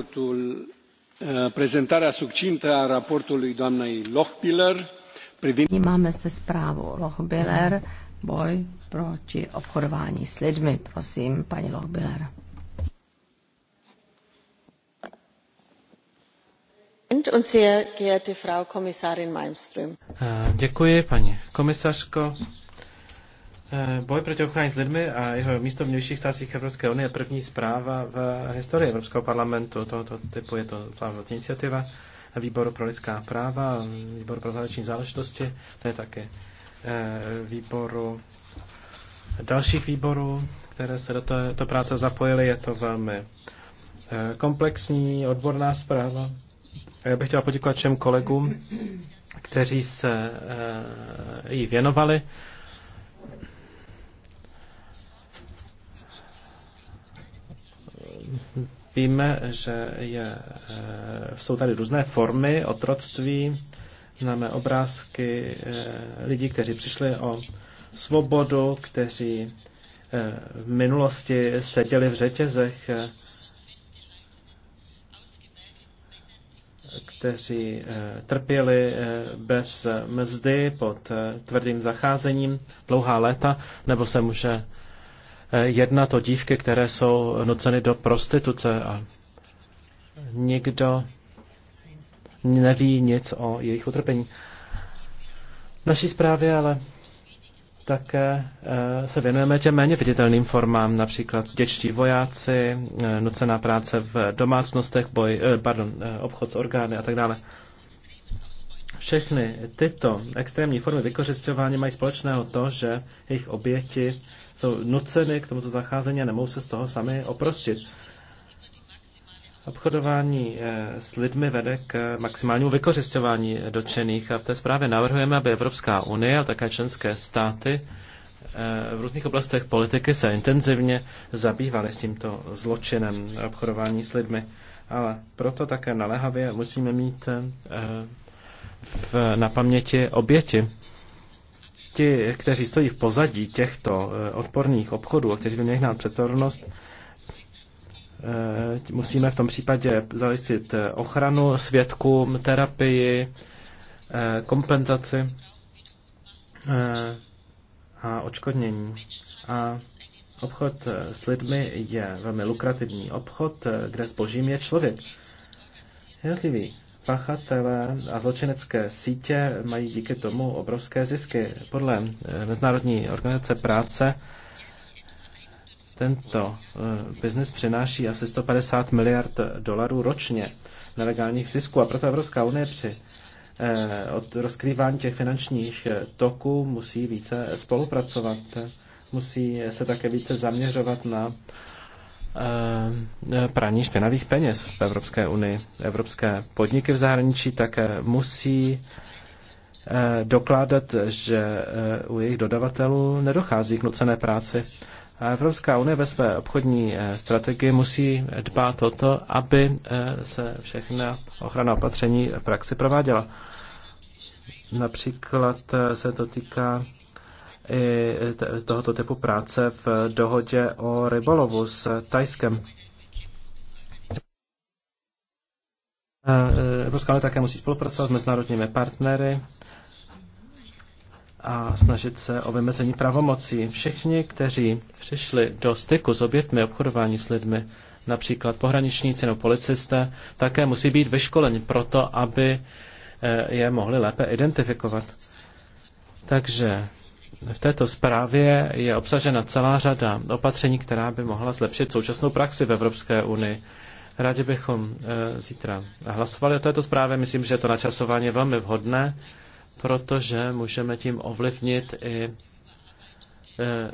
Eh, prezentarea Máme zde zprávu Lochbiller, boj proti obchodování s lidmi. Prosím, paní Lochbiller. Eh, děkuji, paní komisařko. Eh, boj proti ochraně s lidmi a jeho místo v nejvyšších státcích Evropské unie je první zpráva v historii Evropského parlamentu tohoto typu. Je to zvláštní iniciativa Výboru pro lidská práva, Výboru pro zahraniční záležitosti, to je také eh, výboru dalších výborů, které se do této práce zapojily. Je to velmi eh, komplexní, odborná zpráva. Já bych chtěla poděkovat všem kolegům, kteří se jí věnovali. Víme, že je, eh, jsou tady různé formy otroctví. Známe obrázky eh, lidí, kteří přišli o svobodu, kteří eh, v minulosti seděli v řetězech, kteří trpěli bez mzdy pod tvrdým zacházením dlouhá léta, nebo se může jednat o dívky, které jsou nuceny do prostituce a nikdo neví nic o jejich utrpení. V naší zprávě ale také eh, se věnujeme těm méně viditelným formám, například děčtí vojáci, eh, nucená práce v domácnostech, boj, eh, pardon, obchod s orgány a tak dále. Všechny tyto extrémní formy vykořišťování mají společného to, že jejich oběti jsou nuceny k tomuto zacházení a nemohou se z toho sami oprostit. Obchodování eh, s lidmi vede k maximálnímu vykořišťování dočených a v té zprávě navrhujeme, aby Evropská unie a také členské státy eh, v různých oblastech politiky se intenzivně zabývaly s tímto zločinem obchodování s lidmi. Ale proto také naléhavě musíme mít eh, v, na paměti oběti ti, kteří stojí v pozadí těchto eh, odporných obchodů, kteří by měli hnát přetornost, eh, musíme v tom případě zajistit eh, ochranu svědkům, terapii, kompenzaci a očkodnění. A obchod s lidmi je velmi lukrativní obchod, kde zbožím je člověk. Jednotlivý pachatelé a zločinecké sítě mají díky tomu obrovské zisky. Podle eh, Mezinárodní organizace práce tento eh, biznis přináší asi 150 miliard dolarů ročně nelegálních zisků a proto Evropská unie při eh, od rozkrývání těch finančních toků musí více spolupracovat, musí se také více zaměřovat na Eh, eh, praní špinavých peněz v Evropské unii. Evropské podniky v zahraničí také musí eh, dokládat, že u jejich dodavatelů nedochází k nucené práci. Evropská unie ve své obchodní strategii musí dbát o to, aby se všechna ochrana opatření v praxi prováděla. Například se to týká i tohoto typu práce v dohodě o rybolovu s Tajskem. E, Evropská unie také musí spolupracovat s mezinárodními partnery a snažit se o vymezení pravomocí. Všichni, kteří přišli do styku s obětmi obchodování s lidmi, například pohraničníci nebo policisté, také musí být vyškoleni proto, aby e, je mohli lépe identifikovat. Takže v této zprávě je obsažena celá řada opatření, která by mohla zlepšit současnou praxi v Evropské unii. Rádi bychom eh, zítra hlasovali o této zprávě. Myslím, že to načasování je velmi vhodné, protože můžeme tím ovlivnit i eh,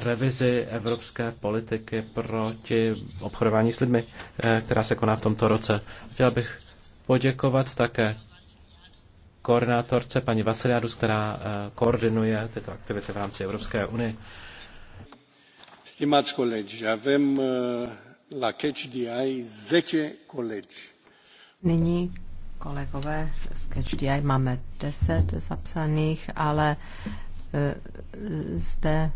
revizi evropské politiky proti obchodování s lidmi, eh, která se koná v tomto roce. Chtěl bych poděkovat také koordinátorce paní Vasiliadus, která eh, koordinuje tyto aktivity v rámci Evropské unie. Stimați colegi, avem eh, la Catch DI 10 colegi. Nyní, kolegové, z Catch DI máme 10 zapsaných, ale eh, zde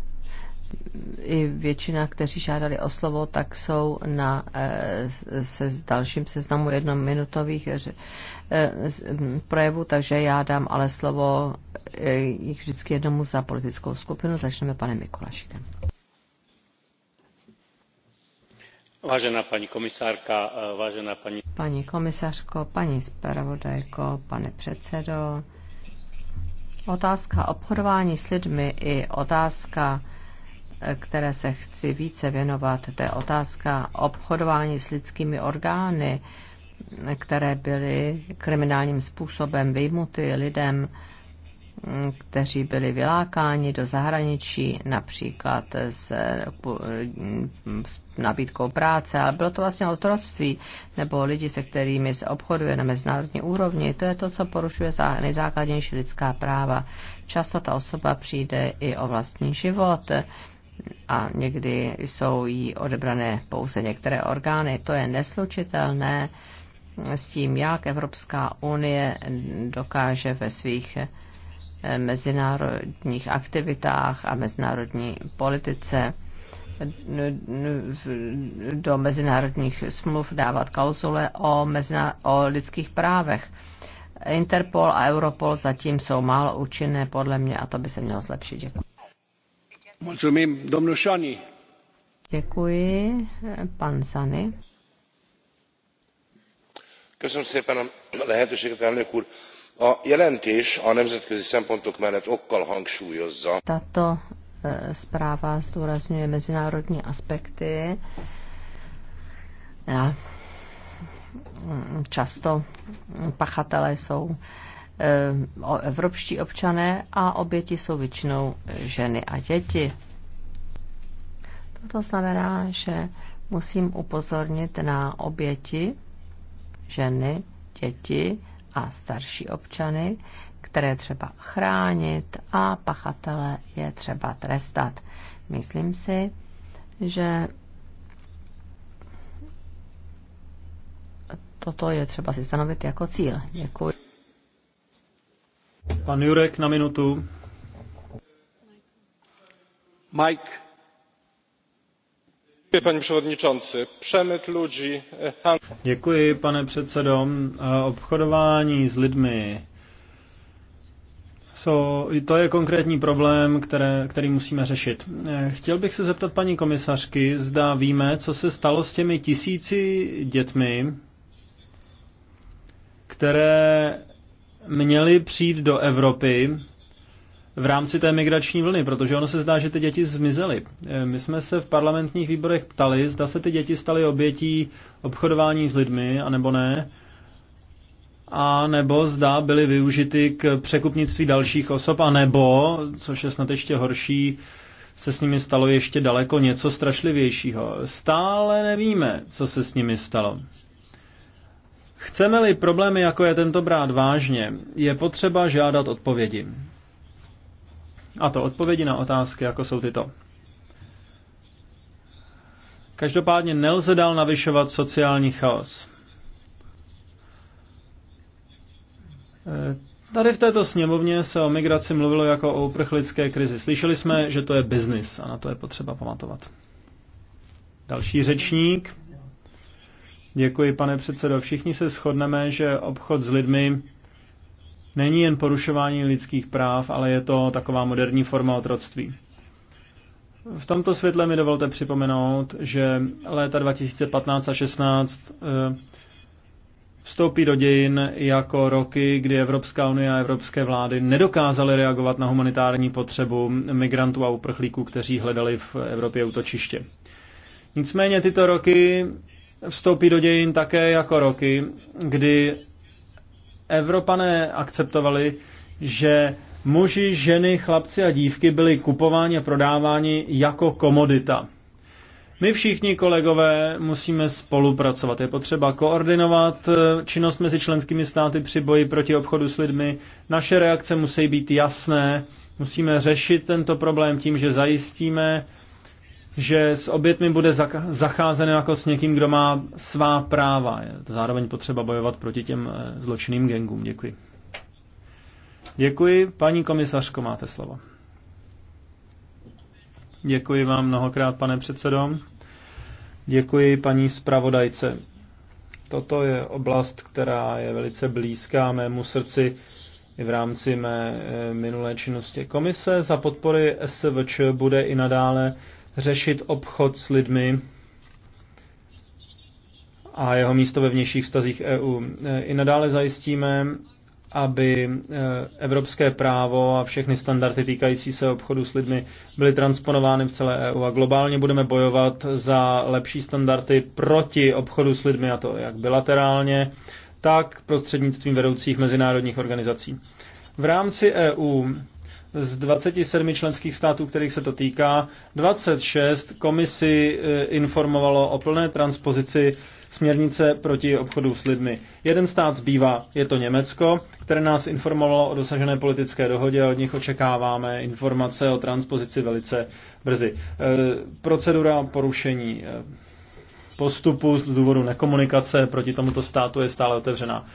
i většina, kteří žádali o slovo, tak jsou na eh, se dalším seznamu jednominutových eh, mm, projevů, takže já dám ale slovo eh, jich vždycky jednomu za politickou skupinu. Začneme panem Mikulašikem. Vážená paní komisárka, vážená paní... Paní komisařko, paní zpravodajko, pane předsedo, otázka obchodování s lidmi i otázka které se chci více věnovat, to je otázka obchodování s lidskými orgány, které byly kriminálním způsobem vyjmuty lidem, kteří byli vylákáni do zahraničí, například s, s nabídkou práce, ale bylo to vlastně otroctví, nebo lidi, se kterými se obchoduje na mezinárodní úrovni. To je to, co porušuje nejzákladnější lidská práva. Často ta osoba přijde i o vlastní život a někdy jsou jí odebrané pouze některé orgány. To je neslučitelné s tím, jak Evropská unie dokáže ve svých eh, mezinárodních aktivitách a mezinárodní politice eh, do mezinárodních smluv dávat klauzule o, mezina, o lidských právech. Interpol a Europol zatím jsou málo účinné podle mě a to by se mělo zlepšit. Děkuji. Děkuji, pan Sany. Köszönöm szépen a lehetőséget, elnök úr. A jelentés a nemzetközi szempontok mellett okkal hangsúlyozza. Tato e, zpráva zdůrazňuje mezinárodní aspekty. A často pachatelé jsou Eh, evropští občané a oběti jsou většinou ženy a děti. To znamená, že musím upozornit na oběti, ženy, děti a starší občany, které třeba chránit a pachatele je třeba trestat. Myslím si, že toto je třeba si stanovit jako cíl. Děkuji. Pan Jurek na minutu. Mike. Děkuji, paní předsedající. Přemyt lidí. Eh, Děkuji, pane předsedo. Eh, obchodování s lidmi. So, to je konkrétní problém, které, který musíme řešit. Eh, chtěl bych se zeptat paní komisařky, zda víme, co se stalo s těmi tisíci dětmi, které měli přijít do Evropy v rámci té migrační vlny, protože ono se zdá, že ty děti zmizely. Eh, my jsme se v parlamentních výborech ptali, zda se ty děti staly obětí obchodování s lidmi, anebo ne, a nebo zda byly využity k překupnictví dalších osob, a nebo, což je snad ještě horší, se s nimi stalo ještě daleko něco strašlivějšího. Stále nevíme, co se s nimi stalo. Chceme-li problémy, jako je tento brát vážně, je potřeba žádat odpovědi. A to odpovědi na otázky, jako jsou tyto. Každopádně nelze dál navyšovat sociální chaos. E, tady v této sněmovně se o migraci mluvilo jako o uprchlické krizi. Slyšeli jsme, že to je biznis a na to je potřeba pamatovat. Další řečník. Děkuji, pane předsedo. Všichni se shodneme, že obchod s lidmi není jen porušování lidských práv, ale je to taková moderní forma otroctví. V tomto světle mi dovolte připomenout, že léta 2015 a 16 eh, vstoupí do dějin jako roky, kdy Evropská unie a evropské vlády nedokázaly reagovat na humanitární potřebu migrantů a uprchlíků, kteří hledali v Evropě útočiště. Nicméně tyto roky vstoupí do dějin také jako roky, kdy Evropané akceptovali, že muži, ženy, chlapci a dívky byli kupováni a prodáváni jako komodita. My všichni kolegové musíme spolupracovat. Je potřeba koordinovat eh, činnost mezi členskými státy při boji proti obchodu s lidmi. Naše reakce musí být jasné. Musíme řešit tento problém tím, že zajistíme že s obětmi bude zacházeno jako s někým, kdo má svá práva. Je to zároveň potřeba bojovat proti těm eh, zločinným gengům. Děkuji. Děkuji. Paní komisařko, máte slovo. Děkuji vám mnohokrát, pane předsedo. Děkuji paní zpravodajce. Toto je oblast, která je velice blízká mému srdci i v rámci mé eh, minulé činnosti komise. Za podpory SVČ bude i nadále řešit obchod s lidmi a jeho místo ve vnějších vztazích EU. I nadále zajistíme, aby e, evropské právo a všechny standardy týkající se obchodu s lidmi byly transponovány v celé EU. A globálně budeme bojovat za lepší standardy proti obchodu s lidmi, a to jak bilaterálně, tak prostřednictvím vedoucích mezinárodních organizací. V rámci EU z 27 členských států, kterých se to týká, 26 komisi eh, informovalo o plné transpozici směrnice proti obchodu s lidmi. Jeden stát zbývá, je to Německo, které nás informovalo o dosažené politické dohodě a od nich očekáváme informace o transpozici velice brzy. Eh, procedura porušení eh, postupu z důvodu nekomunikace proti tomuto státu je stále otevřená.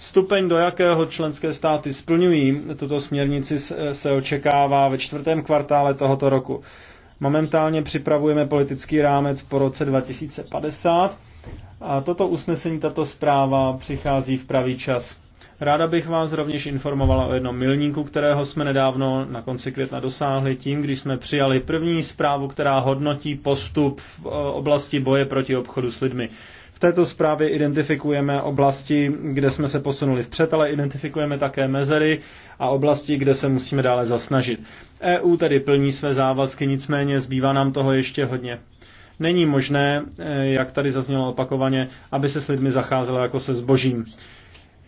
Stupeň, do jakého členské státy splňují tuto směrnici, se očekává ve čtvrtém kvartále tohoto roku. Momentálně připravujeme politický rámec po roce 2050 a toto usnesení, tato zpráva přichází v pravý čas. Ráda bych vás rovněž informovala o jednom milníku, kterého jsme nedávno na konci května dosáhli tím, když jsme přijali první zprávu, která hodnotí postup v eh, oblasti boje proti obchodu s lidmi. V této zprávě identifikujeme oblasti, kde jsme se posunuli vpřed, ale identifikujeme také mezery a oblasti, kde se musíme dále zasnažit. EU tedy plní své závazky, nicméně zbývá nám toho ještě hodně. Není možné, eh, jak tady zaznělo opakovaně, aby se s lidmi zacházelo jako se zbožím.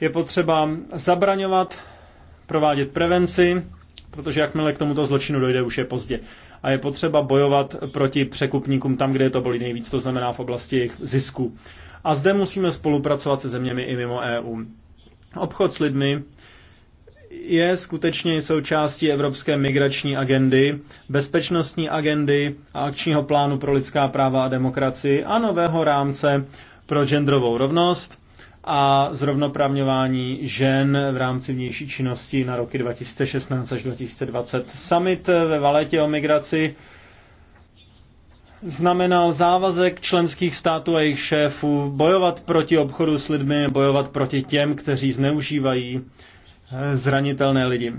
Je potřeba zabraňovat, provádět prevenci, protože jakmile k tomuto zločinu dojde, už je pozdě. A je potřeba bojovat proti překupníkům tam, kde je to bolí nejvíc, to znamená v oblasti jejich zisku. A zde musíme spolupracovat se zeměmi i mimo EU. Obchod s lidmi je skutečně součástí evropské migrační agendy, bezpečnostní agendy a akčního plánu pro lidská práva a demokracii a nového rámce pro genderovou rovnost, a zrovnoprávňování žen v rámci vnější činnosti na roky 2016 až 2020. Summit ve Valetě o migraci znamenal závazek členských států a jejich šéfů bojovat proti obchodu s lidmi, bojovat proti těm, kteří zneužívají eh, zranitelné lidi.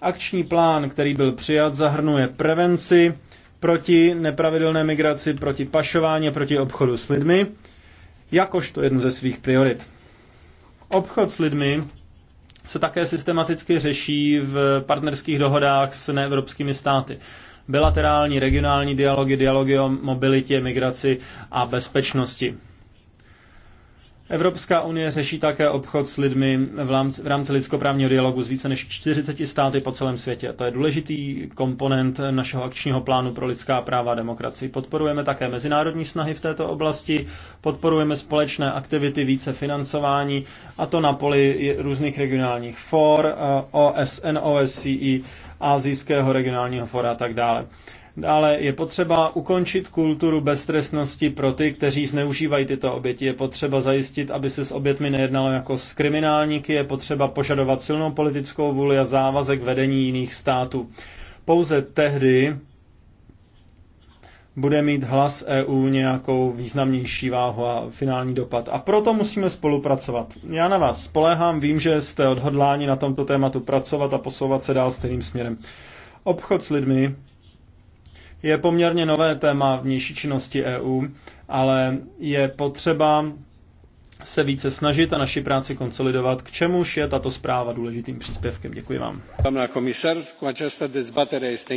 Akční plán, který byl přijat, zahrnuje prevenci proti nepravidelné migraci, proti pašování a proti obchodu s lidmi, jakožto jednu ze svých priorit. Obchod s lidmi se také systematicky řeší v partnerských dohodách s neevropskými státy. Bilaterální, regionální dialogy, dialogy o mobilitě, migraci a bezpečnosti. Evropská unie řeší také obchod s lidmi v rámci lidskoprávního dialogu s více než 40 státy po celém světě. To je důležitý komponent našeho akčního plánu pro lidská práva a demokracii. Podporujeme také mezinárodní snahy v této oblasti, podporujeme společné aktivity, více financování, a to na poli různých regionálních for, eh, OSN, OSCE, Azijského regionálního fora a tak dále. Dále je potřeba ukončit kulturu beztrestnosti pro ty, kteří zneužívají tyto oběti. Je potřeba zajistit, aby se s obětmi nejednalo jako s kriminálníky. Je potřeba požadovat silnou politickou vůli a závazek vedení jiných států. Pouze tehdy bude mít hlas EU nějakou významnější váhu a finální dopad. A proto musíme spolupracovat. Já na vás spoléhám, vím, že jste odhodláni na tomto tématu pracovat a posouvat se dál stejným směrem. Obchod s lidmi je poměrně nové téma vnější činnosti EU, ale je potřeba se více snažit a naši práci konsolidovat, k čemuž je tato zpráva důležitým příspěvkem. Děkuji vám.